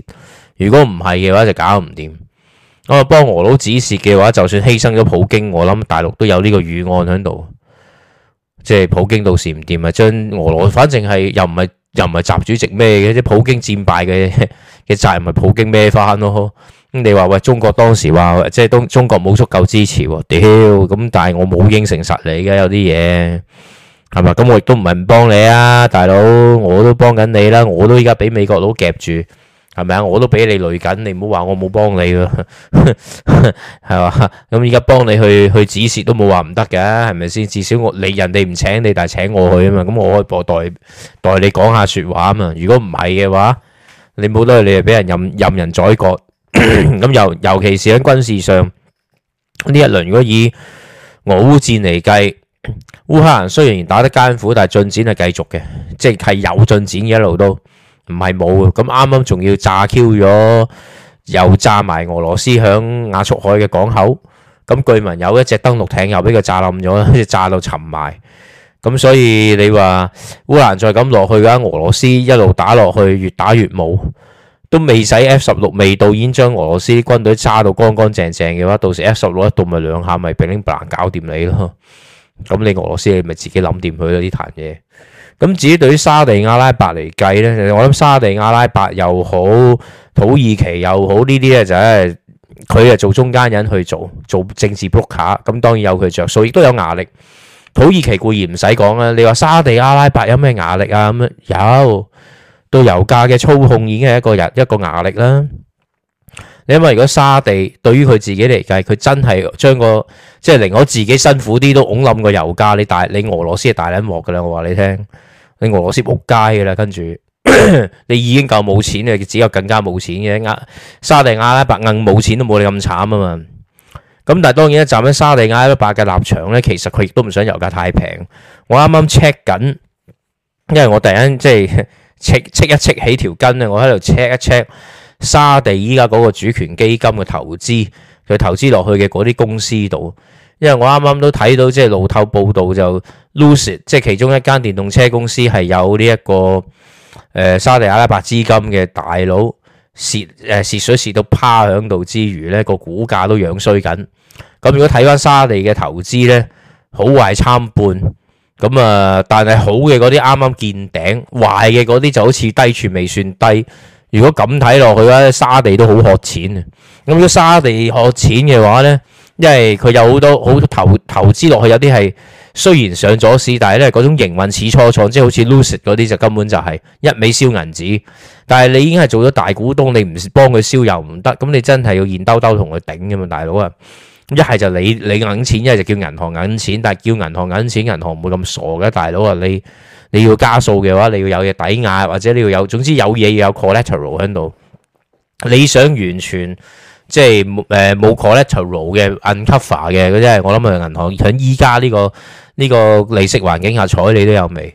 Speaker 1: 如果唔係嘅話就搞唔掂。我、啊、幫俄佬指示嘅話，就算犧牲咗普京，我諗大陸都有呢個預案喺度。即係普京到時唔掂咪將俄羅反正係又唔係又唔係習主席咩嘅，即普京戰敗嘅嘅 責任咪普京孭翻咯。你話喂，中國當時話即係都中國冇足夠支持喎，屌咁，但係我冇應承實你嘅有啲嘢係嘛，咁我亦都唔係唔幫你啊，大佬我都幫緊你啦，我都依家俾美國佬夾住係咪啊？我都俾你累緊，你唔好話我冇幫你噶，係嘛？咁依家幫你去去指示都冇話唔得嘅，係咪先？至少我你人哋唔請你，但係請我去啊嘛，咁我可以代代你講下說話啊嘛。如果唔係嘅話，你冇得去，你係俾人任任人宰割。咁尤 尤其是喺軍事上呢一輪，如果以俄烏戰嚟計，烏克蘭雖然打得艱苦，但進展係繼續嘅，即係有進展一路都唔係冇嘅。咁啱啱仲要炸 Q 咗，又炸埋俄羅斯響亞速海嘅港口。咁據聞有一隻登陸艇又俾佢炸冧咗，跟 住炸到沉埋。咁所以你話烏克蘭再咁落去，而家俄羅斯一路打落去，越打越冇。都未使 F 十六未到，已經將俄羅斯軍隊揸到乾乾淨淨嘅話，到時 F 十六一到咪兩下咪兵兵難搞掂你咯。咁你俄羅斯你咪自己諗掂佢咯呢啲壇嘢。咁至於對於沙地阿拉伯嚟計咧，我諗沙地阿拉伯又好，土耳其又好呢啲咧，就係佢啊做中間人去做做政治 broker。咁當然有佢着數，亦都有壓力。土耳其固然唔使講啦，你話沙地阿拉伯有咩壓力啊？咁樣有。到油價嘅操控已經係一個日一個壓力啦。你因為如果沙地對於佢自己嚟計，佢真係將個即係令我自己辛苦啲都拱冧個油價。你大你俄羅斯係大捻鑊噶啦，我話你聽你俄羅斯仆街噶啦。跟住 你已經夠冇錢，你只有更加冇錢嘅亞沙地亞拉伯，硬冇錢都冇你咁慘啊嘛。咁但係當然咧，站喺沙地亞拉伯嘅立場咧，其實佢亦都唔想油價太平。我啱啱 check 緊，因為我突然間即係。戚一戚起條筋咧，我喺度 check 一 check 沙地依家嗰個主權基金嘅投資，佢投資落去嘅嗰啲公司度，因為我啱啱都睇到即係路透報道就 Lucid，即係其中一間電動車公司係有呢、這、一個誒、呃、沙地阿拉伯資金嘅大佬蝕誒蝕水蝕到趴響度之餘呢個股價都樣衰緊，咁如果睇翻沙地嘅投資呢，好壞參半。咁啊、嗯，但係好嘅嗰啲啱啱見頂，壞嘅嗰啲就好似低處未算低。如果咁睇落去咧，沙地都好渴錢。咁、嗯、如果沙地渴錢嘅話咧，因為佢有好多好多投投資落去，有啲係雖然上咗市，但係咧嗰種營運似初創，即係好似 Lucid 嗰啲就根本就係一味燒銀紙。但係你已經係做咗大股東，你唔幫佢燒又唔得，咁你真係要現兜兜同佢頂噶嘛，大佬啊！一係就你你銀錢，一係就叫銀行銀錢。但係叫銀行銀錢，銀行唔會咁傻嘅，大佬啊！你你要加數嘅話，你要有嘢抵押，或者你要有，總之有嘢要有 collateral 喺度。你想完全即係誒冇、呃、collateral 嘅 uncover 嘅嗰啲，我諗啊銀行響依家呢個呢、呢個利息環境下睬你都有味。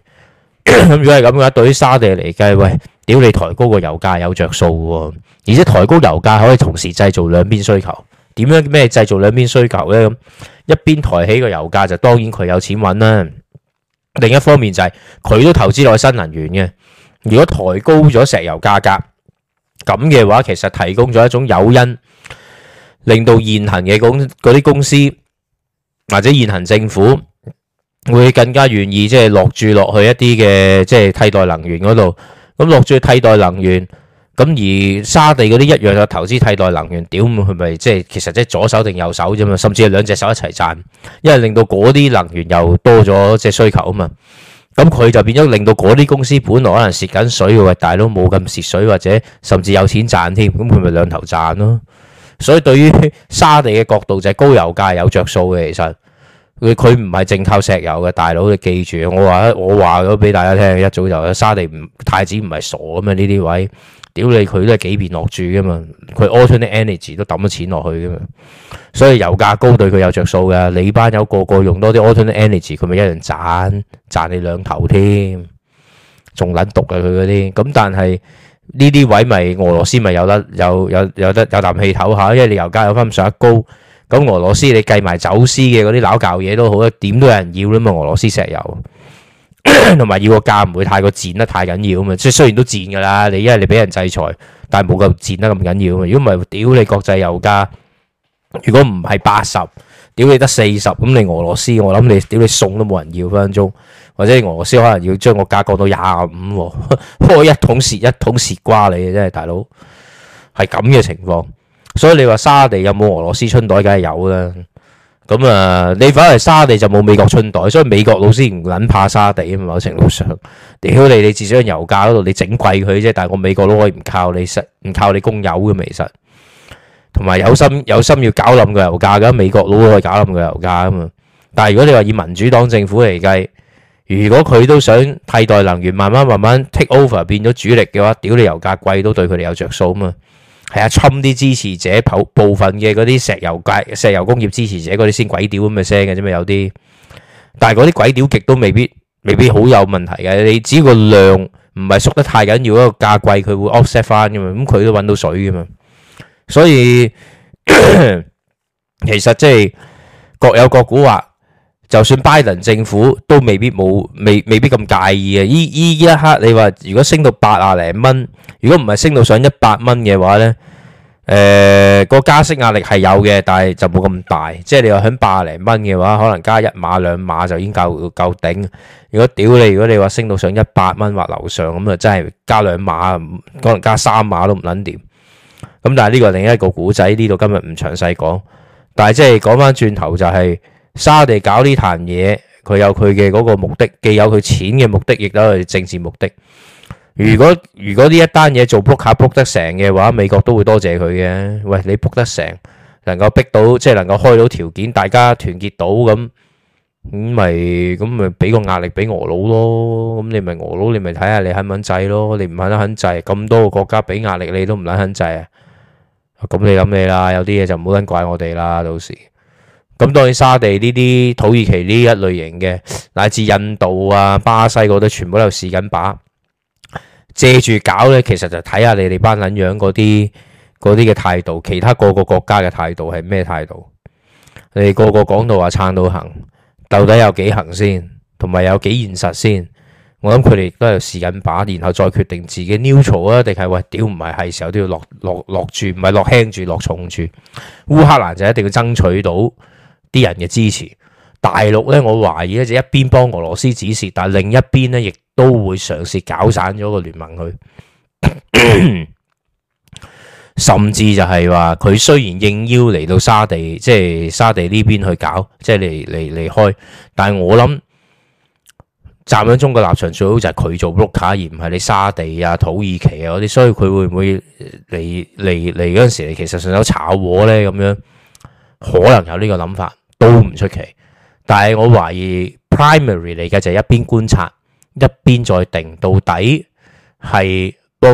Speaker 1: 咁如果係咁嘅話，對於沙地嚟計，喂，屌你抬高個油價有着數喎，而且抬高油價可以同時製造兩邊需求。點樣咩製造兩邊需求咧？咁一邊抬起個油價就當然佢有錢揾啦。另一方面就係、是、佢都投資落去新能源嘅。如果抬高咗石油價格咁嘅話，其實提供咗一種誘因，令到現行嘅嗰啲公司或者現行政府會更加願意即係、就是、落注落去一啲嘅即係替代能源嗰度。咁落注替代能源。咁而沙地嗰啲一樣有投資替代能源，屌佢咪即係其實即係左手定右手啫嘛？甚至係兩隻手一齊賺，因為令到嗰啲能源又多咗即係需求啊嘛。咁佢就變咗令到嗰啲公司本來可能蝕緊水喎，大佬冇咁蝕水或者甚至有錢賺添。咁佢咪兩頭賺咯。所以對於沙地嘅角度就係高油價有着數嘅，其實佢佢唔係淨靠石油嘅大佬，你記住我話我話咗俾大家聽，一早就沙地太子唔係傻咁啊嘛呢啲位。屌你佢都係幾便落住噶嘛，佢阿頓啲 energy 都抌咗錢落去噶嘛，所以油價高對佢有着數噶。你班友個個用多啲阿頓啲 energy，佢咪一樣賺賺你兩頭添，仲撚毒呀佢嗰啲。咁但係呢啲位咪俄羅斯咪有得有有有得有啖氣唞下，因為你油價有翻咁上一高，咁俄羅斯你計埋走私嘅嗰啲攋教嘢都好，點都有人要啦嘛，俄羅斯石油。同埋 要個價唔會太過賤得太緊要啊嘛，即係雖然都賤噶啦，你因為你俾人制裁，但係冇夠賤得咁緊要啊嘛要。如果唔係，屌你國際油價，如果唔係八十，屌你得四十，咁你俄羅斯我諗你屌你送都冇人要分分鐘，或者俄羅斯可能要將個價降到廿五，啊，開 一桶蝕一桶蝕瓜你嘅真係大佬，係咁嘅情況，所以你話沙地有冇俄羅斯春袋，梗係有啦。咁啊、嗯，你反而沙地就冇美國春袋，所以美國佬先唔撚怕沙地啊嘛。某程度上，屌你，你至少喺油價嗰度你整貴佢啫。但係我美國佬可以唔靠你，靠你實，唔靠你供油嘅其實。同埋有心有心要搞冧個油價噶，美國佬可以搞冧個油價啊嘛。但係如果你話以民主黨政府嚟計，如果佢都想替代能源慢慢慢慢 take over 變咗主力嘅話，屌你油價貴都對佢哋有着數啊嘛。係啊，侵啲支持者，部部分嘅嗰啲石油界、石油工業支持者嗰啲先鬼屌咁嘅聲嘅啫嘛，有啲。但係嗰啲鬼屌極都未必，未必好有問題嘅。你只要個量唔係縮得太緊要，嗰個價貴佢會 offset 翻噶嘛，咁佢都揾到水噶嘛。所以其實即係各有各估話，就算拜登政府都未必冇，未未必咁介意呀。依依一刻你話，如果升到八啊零蚊。如果唔係升到上一百蚊嘅話呢，誒個加息壓力係有嘅，但係就冇咁大。即係你話喺百零蚊嘅話，可能加一碼兩碼就已經夠夠，夠頂。如果屌你，如果你話升到上一百蚊或樓上咁啊，就真係加兩碼，可能加三碼都唔捻掂。咁但係呢個另一個古仔，呢度今日唔詳細講，但係即係講翻轉頭就係、就係、沙地搞呢壇嘢，佢有佢嘅嗰個目的，既有佢錢嘅目的，亦都係政治目的。如果如果呢一單嘢做 book 卡 book 得成嘅話，美國都會多謝佢嘅。喂，你 book 得成，能夠逼到即係能夠開到條件，大家團結到咁咁，咪咁咪俾個壓力俾俄佬咯。咁你咪俄佬，你咪睇下你肯唔肯制咯。你唔肯肯制，咁多個國家俾壓力你都唔肯肯制啊。咁你諗你啦，有啲嘢就唔好撚怪我哋啦。到時咁當然沙地呢啲土耳其呢一類型嘅，乃至印度啊、巴西嗰啲，全部都試緊把。借住搞呢，其實就睇下你哋班撚樣嗰啲嗰啲嘅態度，其他個個國家嘅態度係咩態度？你哋個個講到話撐到行，到底有幾行先？同埋有幾現實先？我諗佢哋都係試緊把，然後再決定自己 neutral 啊，定係喂屌唔係係時候都要落落落住，唔係落輕住落重住。烏克蘭就一定要爭取到啲人嘅支持。大陸咧，我懷疑咧就一邊幫俄羅斯指示，但係另一邊咧亦都會嘗試搞散咗個聯盟去， 甚至就係話佢雖然應邀嚟到沙地，即係沙地呢邊去搞，即係嚟嚟離開，但係我諗站喺中國立場最好就係佢做 broker，而唔係你沙地啊、土耳其啊嗰啲，所以佢會唔會嚟嚟嚟嗰陣時，你其實順手炒我咧咁樣，可能有呢個諗法都唔出奇。但係我懷疑 primary 嚟嘅就係一邊觀察一邊再定到底係幫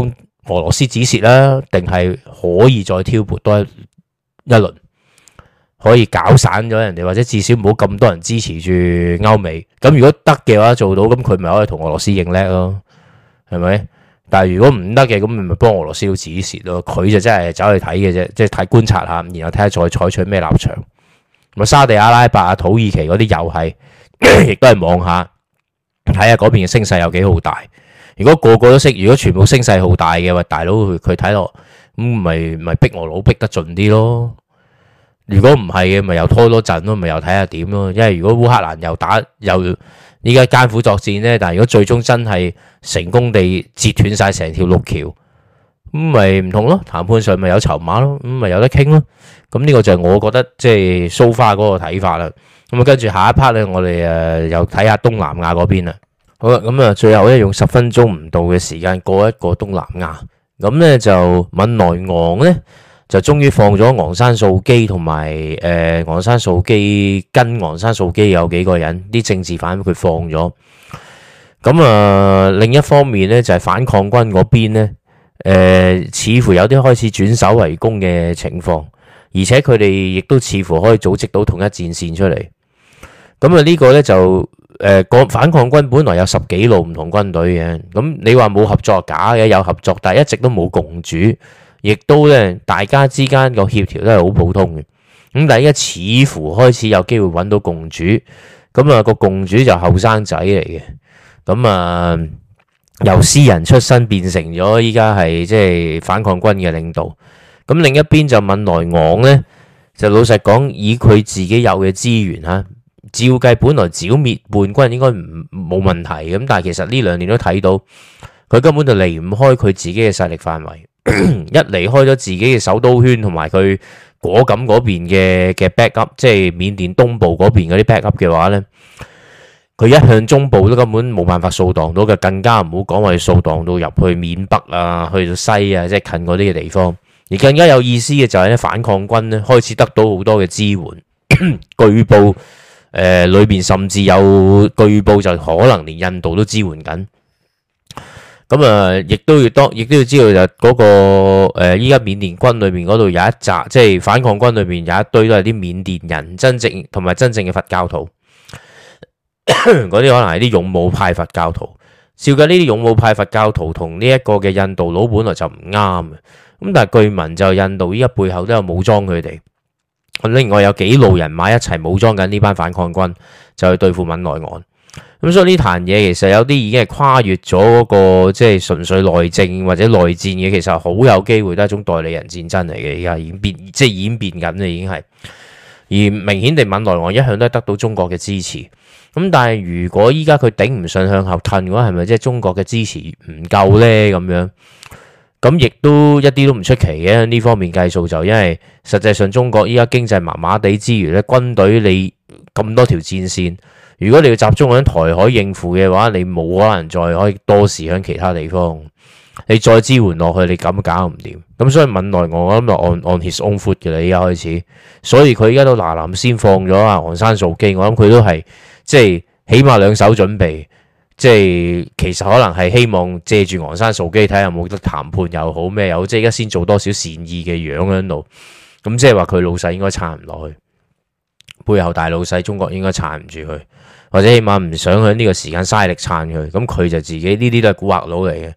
Speaker 1: 俄羅斯指示啦、啊，定係可以再挑撥多一一輪，可以搞散咗人哋，或者至少唔好咁多人支持住歐美。咁如果得嘅話做到，咁佢咪可以同俄羅斯認叻咯，係咪？但係如果唔得嘅，咁咪幫俄羅斯都指示咯、啊。佢就真係走去睇嘅啫，即係睇觀察下，然後睇下再採取咩立場。沙地阿拉伯啊，土耳其嗰啲又係，亦都係望下睇下嗰邊嘅聲勢有幾好大。如果個個都識，如果全部聲勢好大嘅話，大佬佢睇落咁咪咪逼我佬逼得盡啲咯。如果唔係嘅，咪又拖多陣咯，咪又睇下點咯。因為如果烏克蘭又打又依家艱苦作戰呢，但係如果最終真係成功地截斷晒成條陸橋。咁咪唔同咯，談判上咪有籌碼咯，咁咪有得傾咯。咁呢個就係我覺得即係 so far 嗰個睇法啦。咁啊，跟住下一 part 咧，我哋誒又睇下東南亞嗰邊啦。好啦，咁啊，最後咧，用十分鐘唔到嘅時間過一個東南亞。咁咧就敏昂萊咧就終於放咗昂山素姬同埋，誒昂山素姬跟昂山素姬有幾個人啲政治犯佢放咗。咁啊，另一方面咧就係反抗軍嗰邊咧。呃、似乎有啲開始轉守為攻嘅情況，而且佢哋亦都似乎可以組織到同一戰線出嚟。咁啊，呢個呢，就誒，抗、呃、反抗軍本來有十幾路唔同軍隊嘅，咁你話冇合作假嘅，有合作，但係一直都冇共主，亦都咧大家之間個協調都係好普通嘅。咁但係而家似乎開始有機會揾到共主，咁啊個共主就後生仔嚟嘅，咁啊。由私人出身變成咗依家係即係反抗軍嘅領導，咁另一邊就敏來昂呢，就老實講，以佢自己有嘅資源吓、啊，照計本來剿滅叛軍應該唔冇問題，咁但係其實呢兩年都睇到佢根本就離唔開佢自己嘅勢力範圍， 一離開咗自己嘅首都圈同埋佢果敢嗰邊嘅嘅 backup，即係緬甸東部嗰邊嗰啲 backup 嘅話呢。佢一向中部都根本冇辦法掃蕩到嘅，更加唔好講話掃蕩到入去緬北啊，去到西啊，即係近嗰啲嘅地方。而更加有意思嘅就係咧，反抗軍咧開始得到好多嘅支援，據 報誒裏邊甚至有據報就可能連印度都支援緊。咁啊，亦都要多，亦都要知道就嗰、那個誒，依、呃、家緬甸軍裏邊嗰度有一紮，即係反抗軍裏邊有一堆都係啲緬甸人真正同埋真正嘅佛教徒。嗰啲 可能係啲勇武派佛教徒，照緊呢啲勇武派佛教徒同呢一個嘅印度佬本來就唔啱嘅，咁但係據聞就印度依家背後都有武裝佢哋，另外有幾路人馬一齊武裝緊呢班反抗軍，就去對付孟奈岸，咁所以呢壇嘢其實有啲已經係跨越咗嗰個即係純粹內政或者內戰嘅，其實好有機會都係一種代理人戰爭嚟嘅，而家已經變即係演變緊嘅已經係，而明顯地孟奈岸一向都係得到中國嘅支持。咁但係，如果依家佢頂唔順向後褪嘅話，係咪即係中國嘅支持唔夠咧？咁樣咁亦都一啲都唔出奇嘅，呢方面計數就因為實際上中國依家經濟麻麻地之餘咧，軍隊你咁多條戰線，如果你要集中喺台海應付嘅話，你冇可能再可以多時喺其他地方。你再支援落去，你咁搞唔掂咁，所以敏來我諗就按按 his own foot 嘅啦。依家開始，所以佢依家都嗱臨先放咗啊，昂山素姬，我諗佢都係。即係起碼兩手準備，即係其實可能係希望借住昂山素姬睇下有冇得談判又好咩又好，即係而家先做多少善意嘅樣喺度，咁即係話佢老細應該撐唔落去，背後大老細中國應該撐唔住佢，或者起碼唔想喺呢個時間嘥力撐佢，咁佢就自己呢啲都係古惑佬嚟嘅，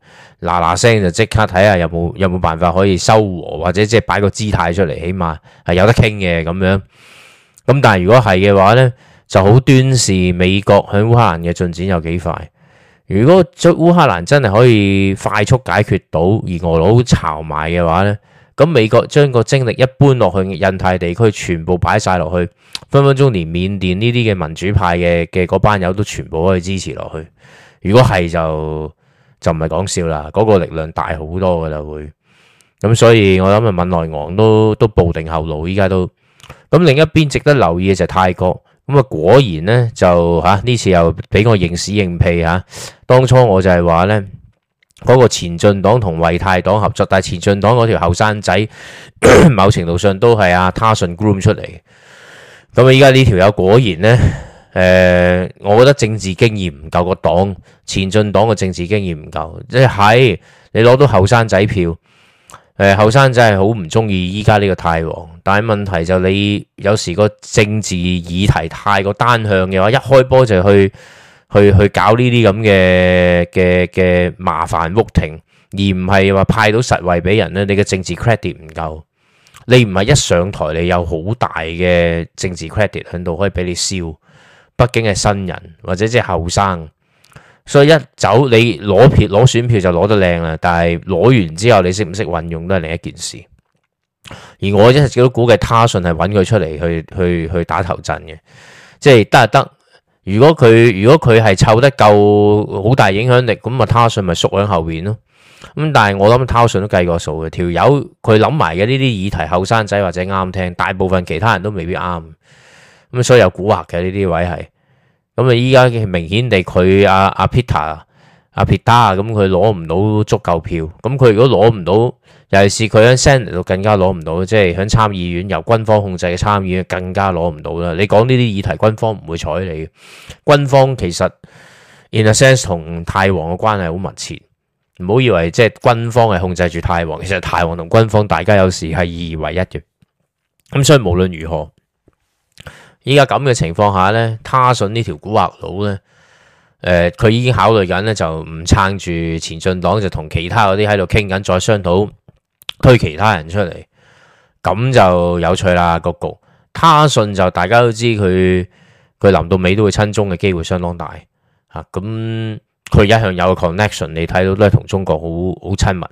Speaker 1: 嗱嗱聲就即刻睇下有冇有冇辦法可以收和，或者即係擺個姿態出嚟，起碼係有得傾嘅咁樣。咁但係，如果係嘅話咧。就好端視美國喺烏克蘭嘅進展有幾快。如果在烏克蘭，烏克蘭真係可以快速解決到，而俄佬炒埋嘅話呢，咁美國將個精力一搬落去印太地區，全部擺晒落去，分分鐘連緬甸呢啲嘅民主派嘅嘅班友都全部可以支持落去。如果係就就唔係講笑啦，嗰、嗰個力量大好多噶啦會咁，所以我諗啊，敏昂萊都都保定後路，依家都咁，另一邊值得留意嘅就係泰國。咁啊果然咧就吓呢、啊、次又俾我認屎認屁吓、啊，當初我就係話咧嗰個前進黨同為泰黨合作，但係前進黨嗰條後生仔， 某程度上都係阿他信 groom 出嚟。咁啊，依家呢條友果然咧，誒、呃，我覺得政治經驗唔夠個黨，前進黨嘅政治經驗唔夠，即、就、係、是、你攞到後生仔票。誒後生真係好唔中意依家呢個泰王，但係問題就你有時個政治議題太過單向嘅話，一開波就去去去搞呢啲咁嘅嘅嘅麻煩屋庭，而唔係話派到實惠俾人咧，你嘅政治 credit 唔夠，你唔係一上台你有好大嘅政治 credit 響度可以俾你燒，畢竟係新人或者即係後生。所以一走你攞票攞選票就攞得靚啦，但係攞完之後你識唔識運用都係另一件事。而我一直都估計他信係揾佢出嚟去去去打頭陣嘅，即係得啊得。如果佢如果佢係湊得夠好大影響力，咁啊他信咪縮喺後邊咯。咁但係我諗他信都計過數嘅，條友佢諗埋嘅呢啲議題，後生仔或者啱聽，大部分其他人都未必啱。咁所以有蠱惑嘅呢啲位係。咁啊！依家嘅明顯地，佢阿阿 Peter 阿、啊、Peter 咁佢攞唔到足夠票。咁佢如果攞唔到，尤其是佢喺 Senate 度更加攞唔到，即係喺參議院由軍方控制嘅參議院更加攞唔到啦。你講呢啲議題，軍方唔會睬你嘅。軍方其實 in a sense 同泰皇嘅關係好密切。唔好以為即係軍方係控制住泰皇。其實泰皇同軍方大家有時係二為一嘅。咁所以無論如何。依家咁嘅情況下咧，他信呢條古惑佬咧，誒、呃，佢已經考慮緊咧，就唔撐住前進黨，就同其他嗰啲喺度傾緊，再商討推其他人出嚟，咁就有趣啦。個局他信就大家都知，佢佢臨到尾都會親中嘅機會相當大啊！咁、啊、佢一向有個 connection，你睇到都係同中國好好親密。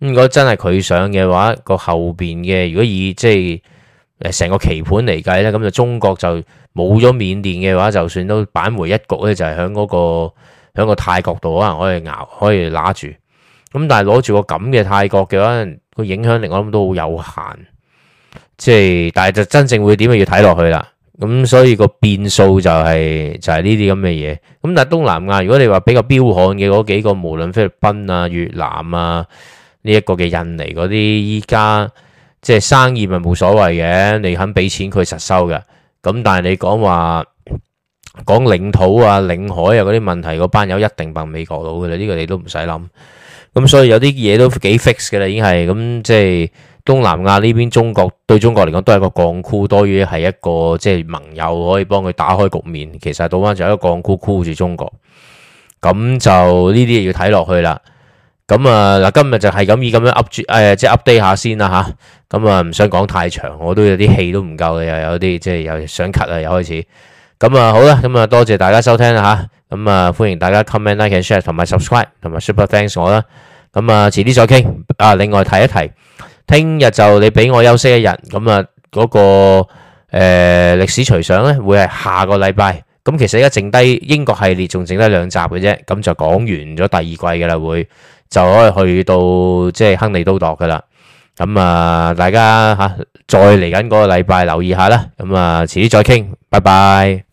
Speaker 1: 如果真係佢想嘅話，個後邊嘅如果以即係。誒成個棋盤嚟計咧，咁就中國就冇咗緬甸嘅話，就算都扳回一局咧，就係喺嗰個喺個泰國度可能可以捱可以拿住。咁但係攞住個咁嘅泰國嘅話，個影響力我諗都好有限。即係，但係就真正會點要睇落去啦。咁所以個變數就係呢啲咁嘅嘢。咁但係東南亞如果你話比較彪悍嘅嗰幾個，無論菲律賓啊、越南啊呢一個嘅印尼嗰啲，依家。即係生意咪冇所謂嘅，你肯俾錢佢實收嘅咁。但係你講話講領土啊、領海啊嗰啲問題，嗰班友一定笨美國佬嘅啦。呢、這個你都唔使諗咁，所以有啲嘢都幾 fix 嘅啦，已經係咁。即係東南亞呢邊，中國對中國嚟講都係個鋼箍，多於係一個即係盟友可以幫佢打開局面。其實倒翻就係一個鋼箍箍住中國，咁就呢啲嘢要睇落去啦。咁啊嗱，今日就係咁意咁樣 update 誒、啊，即 update 下先啦吓。啊咁啊，唔想講太長，我都有啲氣都唔夠嘅，又有啲即係又想咳啊，又開始。咁啊，好啦，咁啊，多謝大家收聽啦吓，咁啊，歡迎大家 comment、like、 share 同埋 subscribe 同埋 super thanks 我啦。咁啊，遲啲再傾。啊，另外提一提，聽日就你俾我休息一日。咁啊，嗰個誒歷史隨想咧，會係下個禮拜。咁其實而家剩低英國系列仲剩低兩集嘅啫，咁就講完咗第二季嘅啦，會就可以去到即係亨利都鐸噶啦。咁啊，大家吓再嚟緊嗰個禮拜留意下啦。咁啊，遲啲再傾，拜拜。